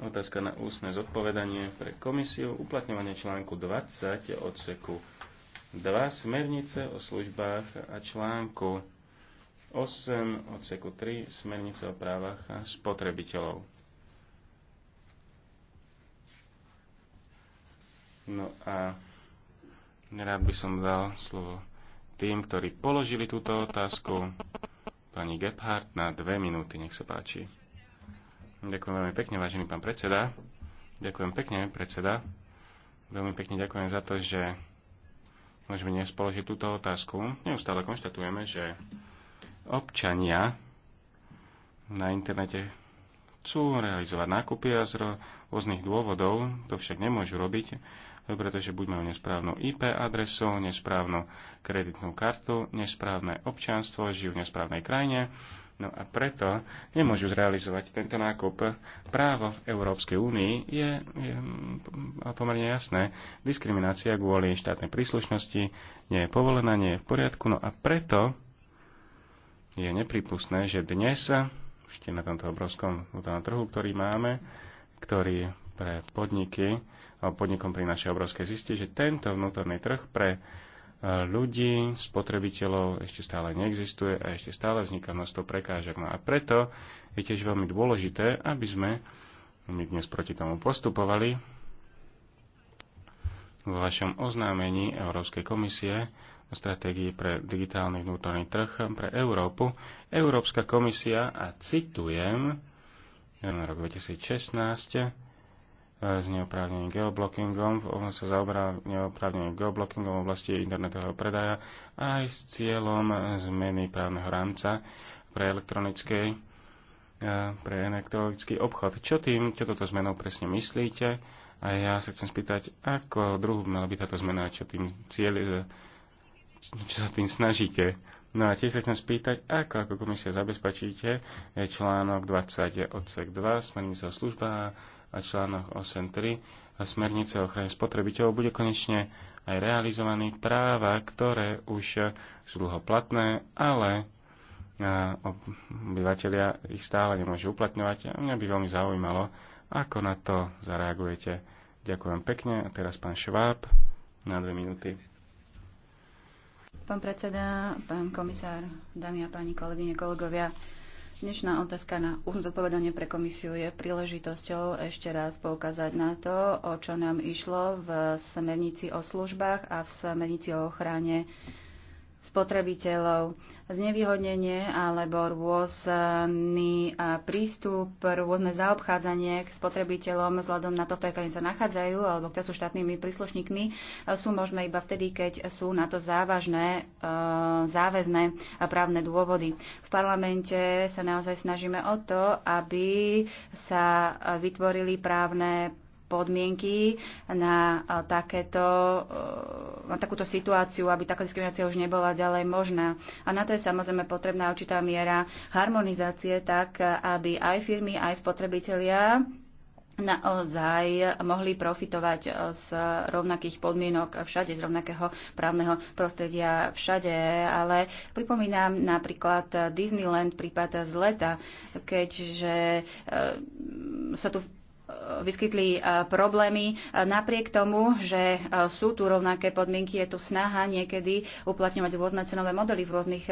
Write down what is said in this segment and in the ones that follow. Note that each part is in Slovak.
Otázka na ústne zodpovedanie pre komisiu. Uplatňovanie článku 20 odseku 2 smernice o službách a článku 8 odseku 3 smernice o právach a spotrebiteľov. No a rád by som dal slovo tým, ktorí položili túto otázku. Pani Gebhardt na dve minúty, nech sa páči. Ďakujem veľmi pekne, vážený pán predseda. Ďakujem pekne, predseda. Veľmi pekne ďakujem za to, že môžeme dnes položiť túto otázku. Neustále konštatujeme, že občania na internete chcú realizovať nákupy a z rôznych dôvodov to však nemôžu robiť, pretože buď majú nesprávnu IP adresu, nesprávnu kreditnú kartu, nesprávne občanstvo, žijú v nesprávnej krajine No a preto nemôžu zrealizovať tento nákup. Právo v Európskej únii je, je pomerne jasné. Diskriminácia kvôli štátnej príslušnosti nie je povolená, nie je v poriadku. No a preto je nepripustné, že dnes, ešte na tomto obrovskom trhu, ktorý máme, ktorý pre podniky, alebo podnikom prináša obrovské zisti, že tento vnútorný trh pre ľudí, spotrebiteľov ešte stále neexistuje a ešte stále vzniká množstvo prekážok. No a preto je tiež veľmi dôležité, aby sme my dnes proti tomu postupovali. V vašom oznámení Európskej komisie o stratégii pre digitálny vnútorný trh pre Európu Európska komisia, a citujem, na rok 2016 s neoprávneným geoblockingom, sa zaoberá neoprávneným geoblockingom v oblasti internetového predaja aj s cieľom zmeny právneho rámca pre elektronické, e, pre elektronický obchod. Čo tým, čo toto zmenou presne myslíte? A ja sa chcem spýtať, ako druhu mala by táto zmena, čo tým cieľ, e, čo sa tým snažíte? No a tiež sa chcem spýtať, ako, ako komisia zabezpečíte eh, článok 20 eh, odsek 2 smernice o službách a článok 8.3 a smernice o ochrane spotrebiteľov bude konečne aj realizovaný práva, ktoré už eh, sú dlho platné, ale obyvateľia ich stále nemôžu uplatňovať a mňa by veľmi zaujímalo, ako na to zareagujete. Ďakujem pekne a teraz pán Šváb na dve minúty. Pán predseda, pán komisár, dámy a páni kolegyne, kolegovia, Dnešná otázka na zodpovedanie pre komisiu je príležitosťou ešte raz poukázať na to, o čo nám išlo v smernici o službách a v smernici o ochrane spotrebiteľov, znevýhodnenie alebo rôzny prístup, rôzne zaobchádzanie k spotrebiteľom vzhľadom na to, v ktorej sa nachádzajú alebo ktoré sú štátnymi príslušníkmi, sú možné iba vtedy, keď sú na to závažné, záväzné právne dôvody. V parlamente sa naozaj snažíme o to, aby sa vytvorili právne podmienky na, takéto, e, na takúto situáciu, aby taká diskriminácia už nebola ďalej možná. A na to je samozrejme potrebná určitá miera harmonizácie, tak aby aj firmy, aj spotrebitelia naozaj mohli profitovať e, z rovnakých podmienok všade, z rovnakého právneho prostredia všade. Ale pripomínam napríklad Disneyland prípad z leta, keďže e, sa tu E, vyskytli e, problémy. E, napriek tomu, že sú tu rovnaké podmienky, je tu snaha niekedy uplatňovať rôzne cenové modely v rôznych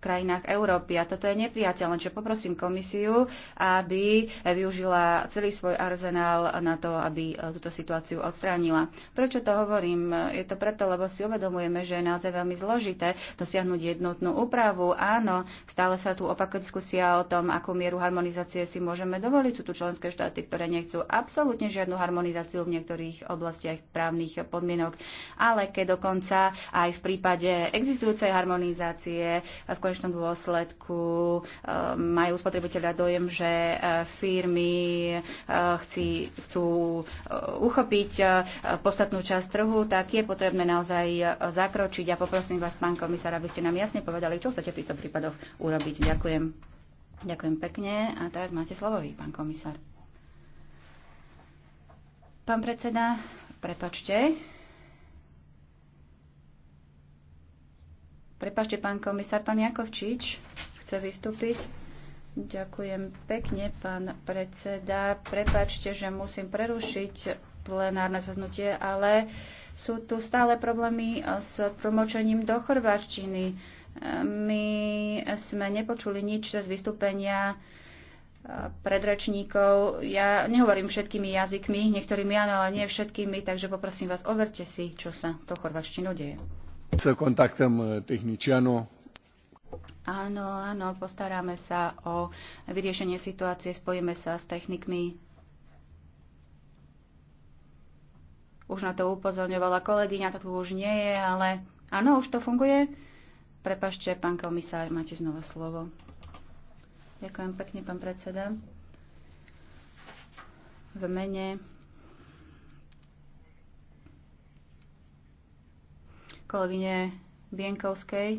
krajinách Európy. A toto je nepriateľné, čo poprosím komisiu, aby využila celý svoj arzenál na to, aby e, túto situáciu odstránila. Prečo to hovorím? Je to preto, lebo si uvedomujeme, že je naozaj veľmi zložité dosiahnuť jednotnú úpravu. Áno, stále sa tu opakuje diskusia o tom, akú mieru harmonizácie si môžeme dovoliť. Sú tu členské štáty, ktoré nechcú absolútne žiadnu harmonizáciu v niektorých oblastiach právnych podmienok, ale keď dokonca aj v prípade existujúcej harmonizácie v konč- konečnom dôsledku ehm, majú spotrebiteľa dojem, že eh, firmy eh, chci, chcú eh, uchopiť podstatnú časť trhu, tak je potrebné naozaj zakročiť. A ja poprosím vás, pán komisár, aby ste nám jasne povedali, čo chcete v týchto prípadoch urobiť. Ďakujem. Ďakujem pekne. A teraz máte slovo vy, pán komisár. Pán predseda, prepačte. Prepašte, pán komisár, pán Jakovčič chce vystúpiť. Ďakujem pekne, pán predseda. Prepačte, že musím prerušiť plenárne zaznutie, ale sú tu stále problémy s tlmočením do chorváčtiny. My sme nepočuli nič z vystúpenia eh, predrečníkov. Ja nehovorím všetkými jazykmi, niektorými áno, ale nie všetkými, takže poprosím vás, overte si, čo sa s tou chorváčtinou deje. Să contactăm uh, tehnicianul Áno, áno, postaráme sa o vyriešenie situácie, spojíme sa s technikmi. Už na to upozorňovala kolegyňa, to tu už nie je, ale áno, už to funguje. Prepašte, pán komisár, máte znova slovo. Ďakujem pekne, pán predseda. V mene kolegyne Bienkovskej.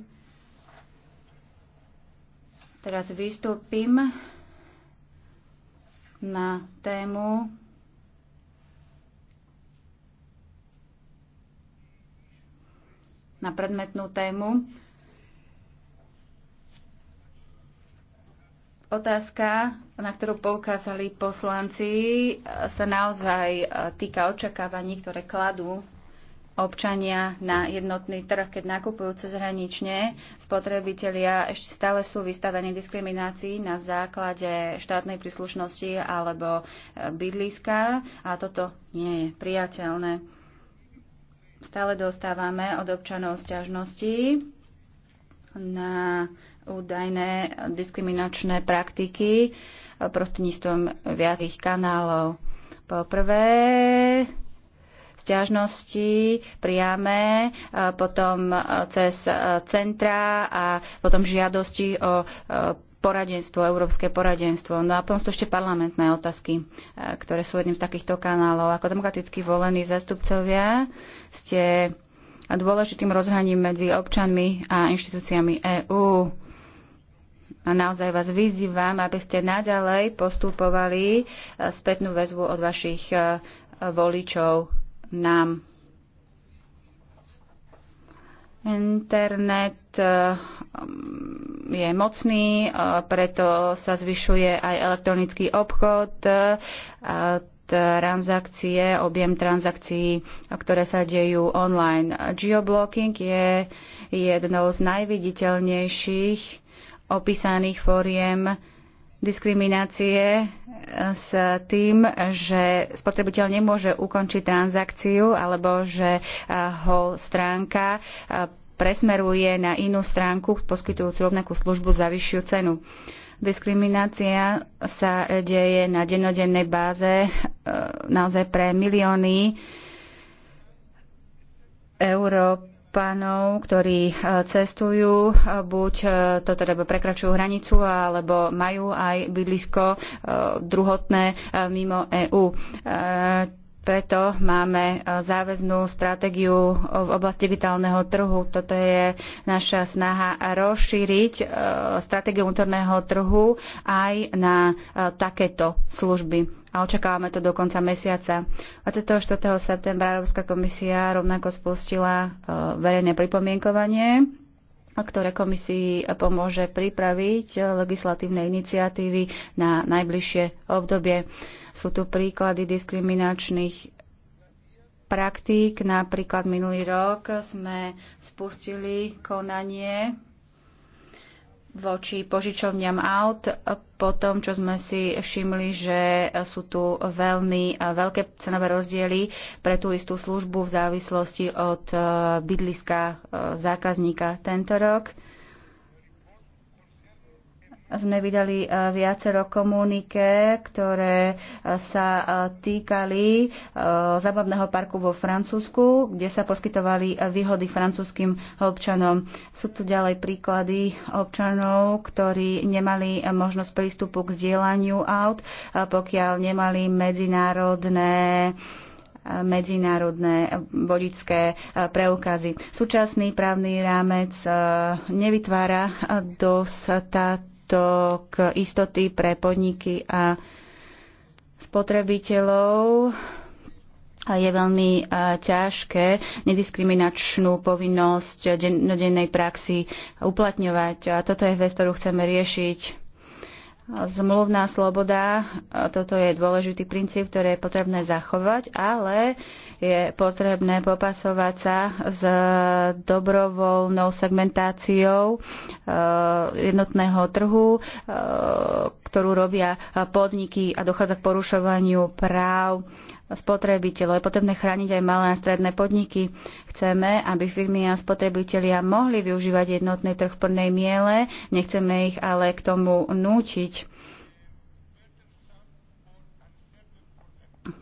Teraz vystúpim na tému na predmetnú tému. Otázka, na ktorú poukázali poslanci, sa naozaj týka očakávaní, ktoré kladú občania na jednotný trh, keď nakupujú cezhranične, spotrebitelia ešte stále sú vystavení diskriminácii na základe štátnej príslušnosti alebo e, bydliska a toto nie je priateľné. Stále dostávame od občanov sťažnosti na údajné diskriminačné praktiky e, prostredníctvom viacich kanálov. Po prvé, stiažnosti priame, potom e, cez e, centra a potom žiadosti o e, poradenstvo, európske poradenstvo. No a potom sú ešte parlamentné otázky, ktoré sú jedným z takýchto kanálov. Ako demokraticky volení zastupcovia ste dôležitým rozhraním medzi občanmi a inštitúciami EÚ. A naozaj vás vyzývam, aby ste naďalej postupovali spätnú väzbu od vašich voličov nám Internet eh, je mocný, eh, preto sa zvyšuje aj elektronický obchod, eh, transakcie, objem transakcií, ktoré sa dejú online. Geoblocking je jednou z najviditeľnejších opísaných fóriem diskriminácie eh, s tým, že spotrebiteľ nemôže ukončiť transakciu alebo že eh, ho stránka eh, presmeruje na inú stránku poskytujúcu rovnakú službu za vyššiu cenu. Diskriminácia sa deje na dennodennej báze naozaj pre milióny Európ pánov, ktorí e, cestujú, e, buď e, to teda prekračujú hranicu, alebo majú aj bydlisko druhotné mimo EÚ. Preto máme záväznú stratégiu v oblasti digitálneho trhu. Toto je naša snaha rozšíriť stratégiu vnútorného trhu aj na takéto služby a očakávame to do konca mesiaca. 24. septembra Európska komisia rovnako spustila e, verejné pripomienkovanie ktoré komisii pomôže pripraviť e, legislatívne iniciatívy na najbližšie obdobie. Sú tu príklady diskriminačných praktík. Napríklad minulý rok sme spustili konanie voči požičovňam aut po tom, čo sme si všimli, že sú tu veľmi veľké cenové rozdiely pre tú istú službu v závislosti od eh, bydliska eh, zákazníka tento rok sme vydali e, viacero komunike, ktoré e, sa e, týkali zabavného parku vo Francúzsku, kde sa poskytovali výhody francúzským občanom. Sú tu ďalej príklady občanov, ktorí nemali možnosť prístupu k zdieľaniu aut, pokiaľ nemali medzinárodné medzinárodné vodické preukazy. Súčasný právny rámec nevytvára dostatok dostatok istoty pre podniky a spotrebiteľov je veľmi ťažké nediskriminačnú povinnosť dennodennej praxi uplatňovať. A toto je vec, ktorú chceme riešiť Zmluvná sloboda, e, toto je dôležitý princíp, ktorý je potrebné zachovať, ale je potrebné popasovať sa s dobrovoľnou segmentáciou e, jednotného trhu, e, ktorú robia podniky a dochádza k porušovaniu práv spotrebiteľov. Je potrebné chrániť aj malé a stredné podniky. Chceme, aby firmy a spotrebitelia mohli využívať jednotný trh v plnej miele. Nechceme ich ale k tomu nútiť.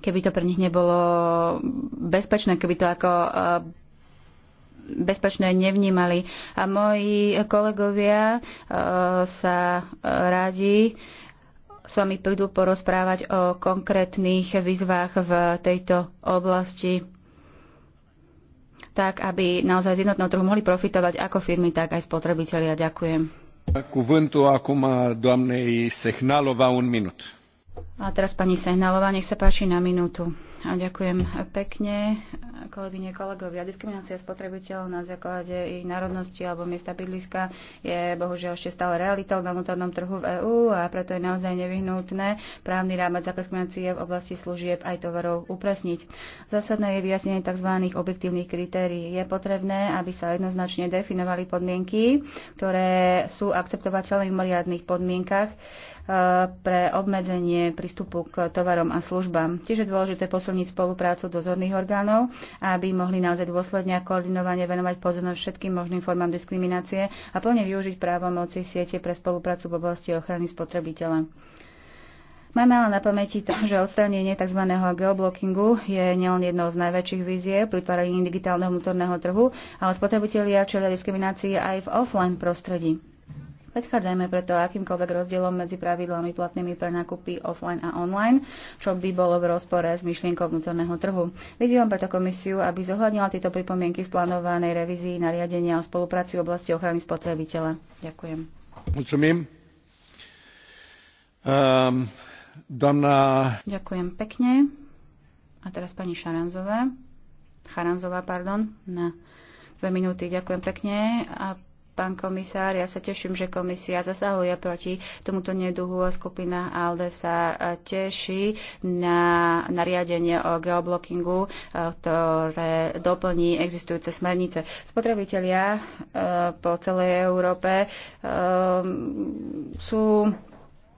Keby to pre nich nebolo bezpečné, keby to ako e, bezpečné nevnímali. A moji kolegovia e, sa e, radi s vami prídu porozprávať o konkrétnych výzvach v tejto oblasti, tak aby naozaj z jednotného trhu mohli profitovať ako firmy, tak aj spotrebitelia. Ďakujem. Cuvântul acum doamnei Sehnalova un minút. A teraz pani Sehnalova, nech sa páči na minútu ďakujem pekne, kolegyne, kolegovia. Diskriminácia spotrebiteľov na základe ich národnosti alebo miesta bydliska je bohužiaľ ešte stále realitou na vnútornom trhu v EÚ a preto je naozaj nevyhnutné právny rámec diskriminácie v oblasti služieb aj tovarov upresniť. Zásadné je vyjasnenie tzv. objektívnych kritérií. Je potrebné, aby sa jednoznačne definovali podmienky, ktoré sú akceptovateľné v mimoriadných podmienkach eh, pre obmedzenie prístupu k tovarom a službám. Tiež je dôležité posunúť posilniť spoluprácu dozorných orgánov, aby mohli naozaj dôsledne a koordinovane venovať pozornosť všetkým možným formám diskriminácie a plne využiť právomoci siete pre spoluprácu v oblasti ochrany spotrebiteľa. Máme ale na pamäti to, že odstránenie tzv. geoblockingu je nielen jednou z najväčších vízie pri tvorení digitálneho vnútorného trhu, ale spotrebitelia čelia diskriminácii aj v offline prostredí. Predchádzajme preto akýmkoľvek rozdielom medzi pravidlami platnými pre nákupy offline a online, čo by bolo v rozpore s myšlienkou vnútorného trhu. Vyzývam preto komisiu, aby zohľadnila tieto pripomienky v plánovanej revízii nariadenia o spolupráci v oblasti ochrany spotrebiteľa. Ďakujem. Ďakujem. Um, ehm, doamna... Ďakujem pekne. A teraz pani Šaranzová. Charanzová, pardon, na dve minúty. Ďakujem pekne. A Pán komisár, ja sa teším, že komisia zasahuje proti tomuto neduhu a skupina ALDE sa e, teší na nariadenie o geoblockingu, e, ktoré doplní existujúce smernice. Spotrebitelia e, po celej Európe sú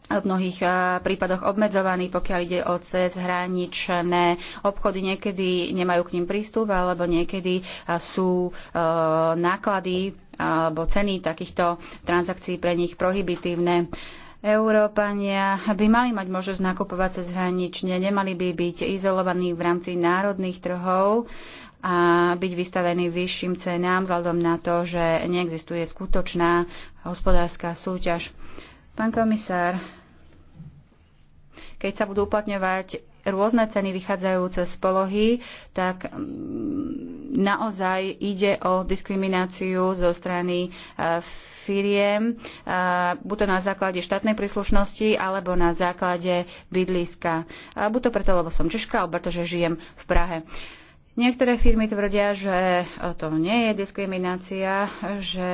v mnohých eh, prípadoch obmedzovaní, pokiaľ ide o cezhraničné obchody. Niekedy nemajú k ním prístup, alebo niekedy eh, sú eh, náklady alebo ceny takýchto transakcií pre nich prohibitívne. Európania by mali mať možnosť nakupovať cez hranične, nemali by byť izolovaní v rámci národných trhov a byť vystavení vyšším cenám vzhľadom na to, že neexistuje skutočná hospodárska súťaž. Pán komisár, keď sa budú uplatňovať rôzne ceny vychádzajúce z polohy, tak mm, naozaj ide o diskrimináciu zo strany e, firiem, e, buď to na základe štátnej príslušnosti, alebo na základe bydliska. Buď to preto, lebo som Češka, alebo pretože žijem v Prahe. Niektoré firmy tvrdia, že to nie je diskriminácia, že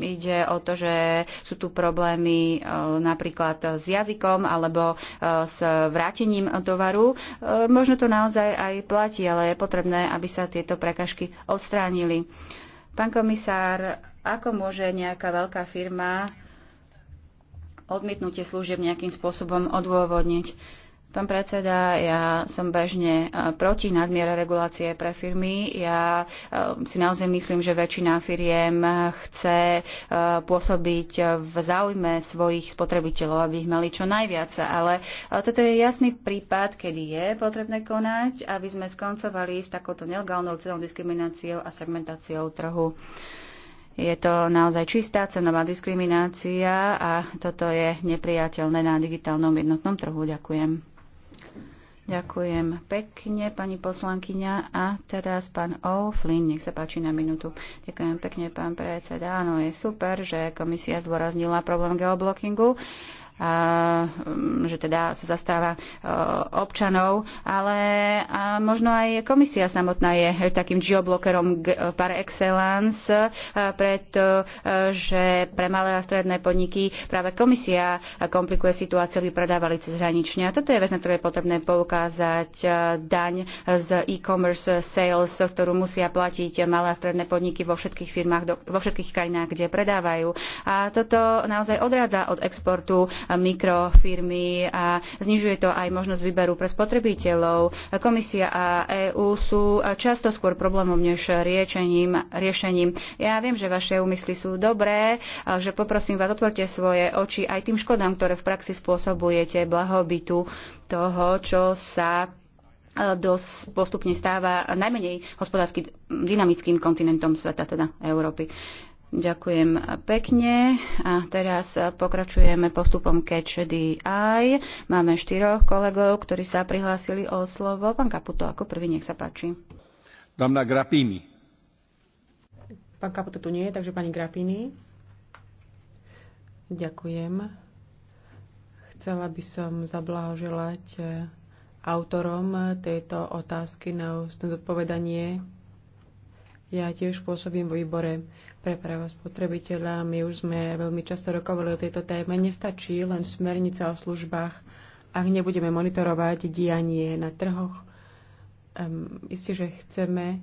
ide o to, že sú tu problémy e, napríklad s jazykom alebo e, s vrátením tovaru. E, možno to naozaj aj platí, ale je potrebné, aby sa tieto prekažky odstránili. Pán komisár, ako môže nejaká veľká firma odmietnutie služieb nejakým spôsobom odôvodniť? Pán predseda, ja som bežne e, proti nadmiere regulácie pre firmy. Ja e, si naozaj myslím, že väčšina firiem chce e, pôsobiť v záujme svojich spotrebiteľov, aby ich mali čo najviac. Ale toto je jasný prípad, kedy je potrebné konať, aby sme skoncovali s takouto nelegálnou cenou diskrimináciou a segmentáciou trhu. Je to naozaj čistá cenová diskriminácia a toto je nepriateľné na digitálnom jednotnom trhu. Ďakujem. Ďakujem pekne, pani poslankyňa. A teraz pán O'Flynn, nech sa páči na minútu. Ďakujem pekne, pán predseda. Áno, je super, že komisia zdôraznila problém geoblockingu. Mm, že teda sa zastáva e, občanov, ale možno aj komisia samotná je takým geoblokerom par excellence, e, pretože e, pre malé a stredné podniky práve komisia komplikuje situáciu, aby predávali cez hranične. A toto je vec, na ktoré je potrebné poukázať daň z e-commerce sales, ktorú musia platiť malé a stredné podniky vo všetkých firmách, vo všetkých krajinách, kde predávajú. A toto naozaj odrádza od exportu mikrofirmy a znižuje to aj možnosť výberu pre spotrebiteľov. Komisia a EÚ sú často skôr problémom než riešením. riešením. Ja viem, že vaše úmysly sú dobré, že poprosím vás, otvorte svoje oči aj tým škodám, ktoré v praxi spôsobujete blahobytu toho, čo sa e, dosť postupne stáva najmenej hospodársky dynamickým kontinentom sveta, teda Európy. Ďakujem pekne. A teraz pokračujeme postupom Catch the Eye. Máme štyroch kolegov, ktorí sa prihlásili o slovo. Pán Kaputo, ako prvý, nech sa páči. Dámna Grapini. Pán Kaputo tu nie je, takže pani Grapini. Ďakujem. Chcela by som zablahoželať autorom tejto otázky na ústne zodpovedanie ja tiež pôsobím vo výbore pre práva spotrebiteľa. My už sme veľmi často rokovali o tejto téme. Nestačí len smernica o službách, ak nebudeme monitorovať dianie na trhoch. Um, isté, že chceme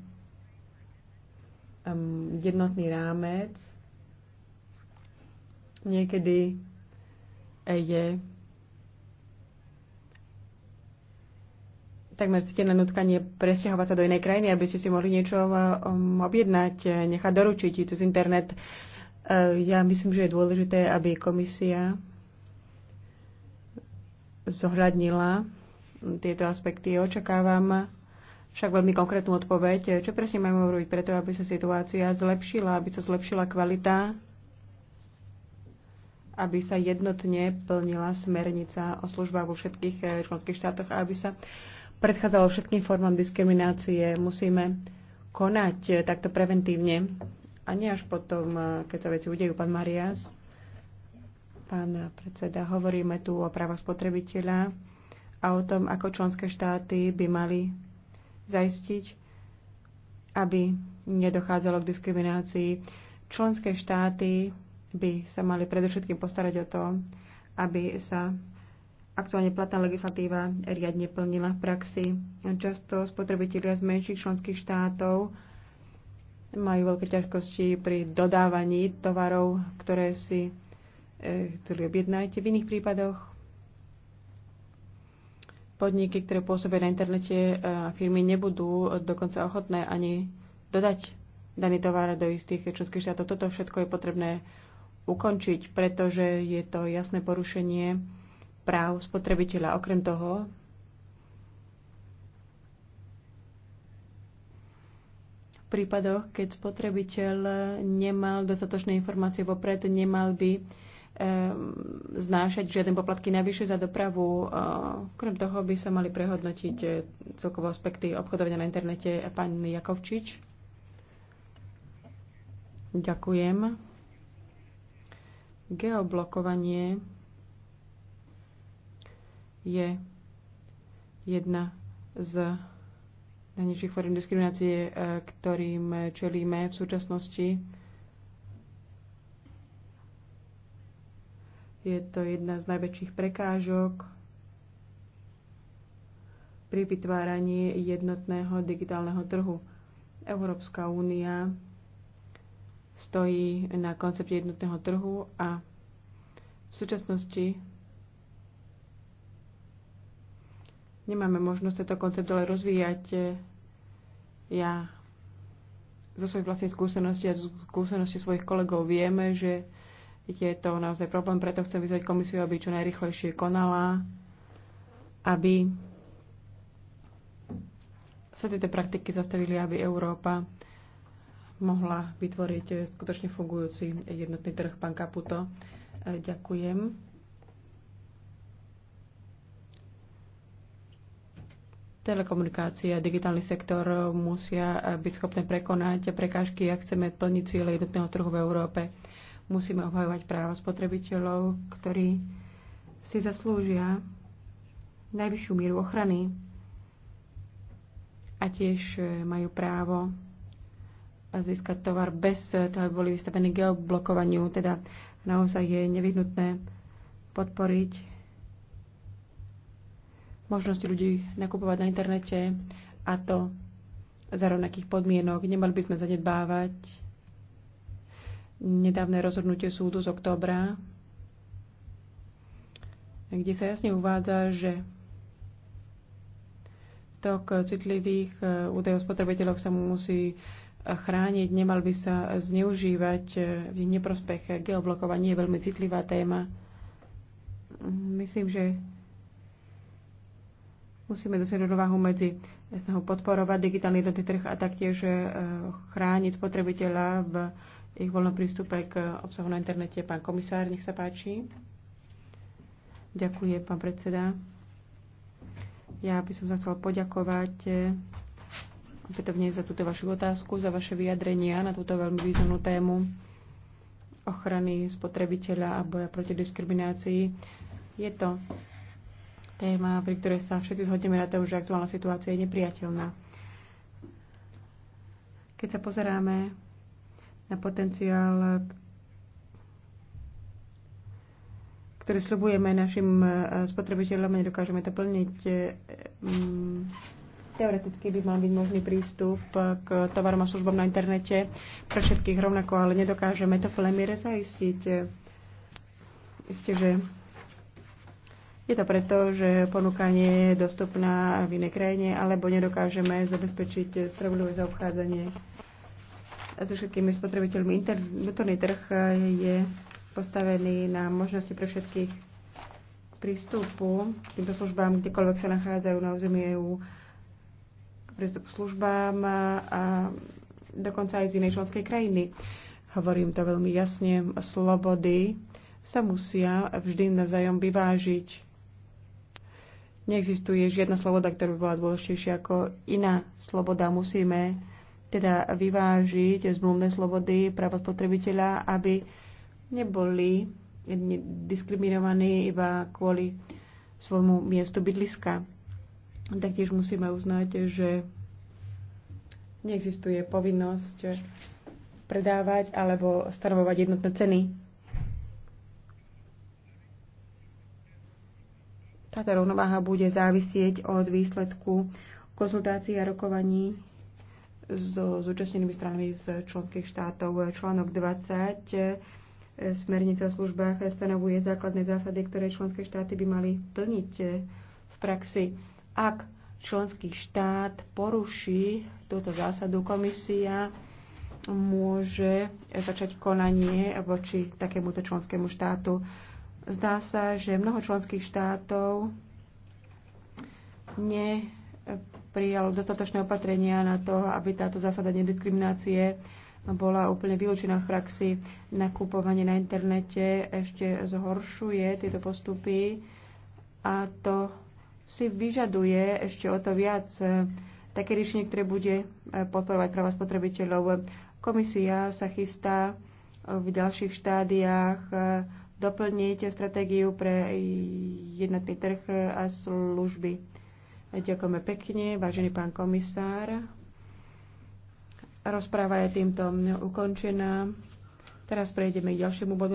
um, jednotný rámec. Niekedy je takmer ste na nutkanie presťahovať sa do inej krajiny, aby ste si mohli niečo eh, um, objednať, eh, nechať doručiť cez internet. Eh, ja myslím, že je dôležité, aby komisia zohľadnila tieto aspekty. Očakávam však veľmi konkrétnu odpoveď, čo presne máme urobiť preto, aby sa situácia zlepšila, aby sa zlepšila kvalita, aby sa jednotne plnila smernica o službách vo všetkých členských štátoch a aby sa predchádzalo všetkým formám diskriminácie. Musíme konať eh, takto preventívne a nie až potom, eh, keď sa veci udejú. Pán Marias, pán predseda, hovoríme tu o právach spotrebiteľa a o tom, ako členské štáty by mali zaistiť, aby nedochádzalo k diskriminácii. Členské štáty by sa mali predovšetkým postarať o to, aby sa aktuálne platná legislatíva riadne plnila v praxi. Často spotrebitelia z menších členských štátov majú veľké ťažkosti pri dodávaní tovarov, ktoré si e, chceli objednať. V iných prípadoch podniky, ktoré pôsobia na internete e, a firmy nebudú dokonca ochotné ani dodať daný tovar do istých členských štátov. Toto všetko je potrebné ukončiť, pretože je to jasné porušenie práv spotrebiteľa. Okrem toho, v prípadoch, keď spotrebiteľ nemal dostatočné informácie vopred, nemal by znášať žiaden poplatky navyše za dopravu. E, Krem toho by sa mali prehodnotiť e, celkovo aspekty obchodovania na internete. Pán Jakovčič. Ďakujem. Geoblokovanie je jedna z najnižších form diskriminácie, eh, ktorým čelíme v súčasnosti. Je to jedna z najväčších prekážok pri vytváraní jednotného digitálneho trhu. Európska únia stojí na koncepte jednotného trhu a v súčasnosti nemáme možnosť tento koncept ďalej rozvíjať. Ja zo svojej vlastnej skúsenosti a skúsenosti svojich kolegov vieme, že je to naozaj problém, preto chcem vyzvať komisiu, aby čo najrychlejšie konala, aby sa tieto praktiky zastavili, aby Európa mohla vytvoriť skutočne fungujúci jednotný trh. Pán Kaputo, ďakujem. telekomunikácie a digitálny sektor musia byť schopné prekonať prekážky, ak chceme plniť cieľe jednotného trhu v Európe. Musíme obhajovať práva spotrebiteľov, ktorí si zaslúžia najvyššiu míru ochrany a tiež e, majú právo získať tovar bez toho, aby boli vystavení geoblokovaniu. Teda naozaj je nevyhnutné podporiť Možnosť ľudí nakupovať na internete a to za rovnakých podmienok. Nemali by sme zanedbávať nedávne rozhodnutie súdu z októbra, kde sa jasne uvádza, že tok citlivých e, údajov spotrebiteľov sa mu musí e, chrániť, nemal by sa zneužívať e, v neprospech. Geoblokovanie je veľmi citlivá téma. Myslím, že Musíme dosiť rovnováhu medzi snahou podporovať digitálny jednotný trh a taktiež e, chrániť spotrebiteľa v ich voľnom prístupe k obsahu na internete. Pán komisár, nech sa páči. Ďakujem, pán predseda. Ja by som sa chcel poďakovať e, opätovne za túto vašu otázku, za vaše vyjadrenia na túto veľmi významnú tému ochrany spotrebiteľa a boja proti diskriminácii. Je to téma, pri ktorej sa všetci zhodneme na to, že aktuálna situácia je nepriateľná. Keď sa pozeráme na potenciál, ktorý slubujeme našim e, spotrebiteľom, nedokážeme to plniť. E, mm, teoreticky by mal byť možný prístup k tovarom a službám na internete pre všetkých rovnako, ale nedokážeme to v plnej miere zaistiť. Isté, že je to preto, že ponuka nie je dostupná v inej krajine, alebo nedokážeme zabezpečiť spravodlivé zaobchádzanie so všetkými spotrebiteľmi. Vnútorný trh je postavený na možnosti pre všetkých prístupu k týmto službám, kdekoľvek sa nachádzajú na území EU, prístup k službám a dokonca aj z inej členskej krajiny. Hovorím to veľmi jasne, slobody sa musia vždy navzájom vyvážiť Neexistuje žiadna sloboda, ktorá by bola dôležitejšia ako iná sloboda. Musíme teda vyvážiť zmluvné slobody práva spotrebiteľa, aby neboli diskriminovaní iba kvôli svojmu miestu bydliska. Taktiež musíme uznať, že neexistuje povinnosť predávať alebo stanovovať jednotné ceny Táto rovnováha bude závisieť od výsledku konzultácií a rokovaní so zúčastnenými stranami z členských štátov. Článok 20 e, Smernica o službách stanovuje základné zásady, ktoré členské štáty by mali plniť e, v praxi. Ak členský štát poruší túto zásadu, komisia môže začať konanie voči takémuto členskému štátu. Zdá sa, že mnoho členských štátov neprijalo dostatočné opatrenia na to, aby táto zásada nediskriminácie bola úplne vylúčená v praxi. Nakupovanie na internete ešte zhoršuje tieto postupy a to si vyžaduje ešte o to viac e, také riešenie, ktoré bude e, podporovať práva spotrebiteľov. Komisia sa chystá v ďalších štádiách e, doplniť stratégiu pre jednotný trh a služby. Ďakujeme pekne, vážený pán komisár. Rozpráva je týmto ukončená. Teraz prejdeme k ďalšiemu bodu.